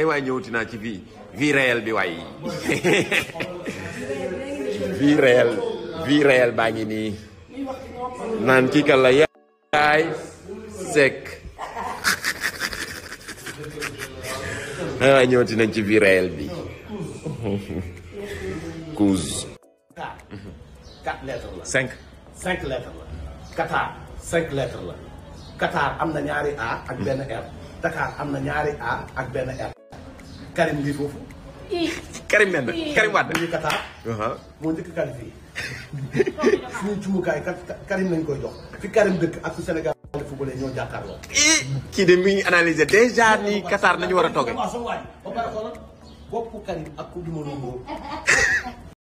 ay eh, waay ñëwati ci vie vie réelle bi waay vie réelle vie baa ngi nii naan kii la yaay Seck ay eh, waay ñëwati ci vie réelle bi cause quatre lettres la Qatar am na ñaari A ak benn R Dakar am na ñaari A ak benn R Karim ngi foofu. Karim mel na Karim na mu ngi Qatar. Uh-huh. moo njëkk qualifié suñu jumukaay Karim lañ koy jox fi Karim dëkk ak su Sénégal footballé ñoo jàkkaarloo. kii de mi ngi analysé déjà nii Qatar nañu war a toogee. waaw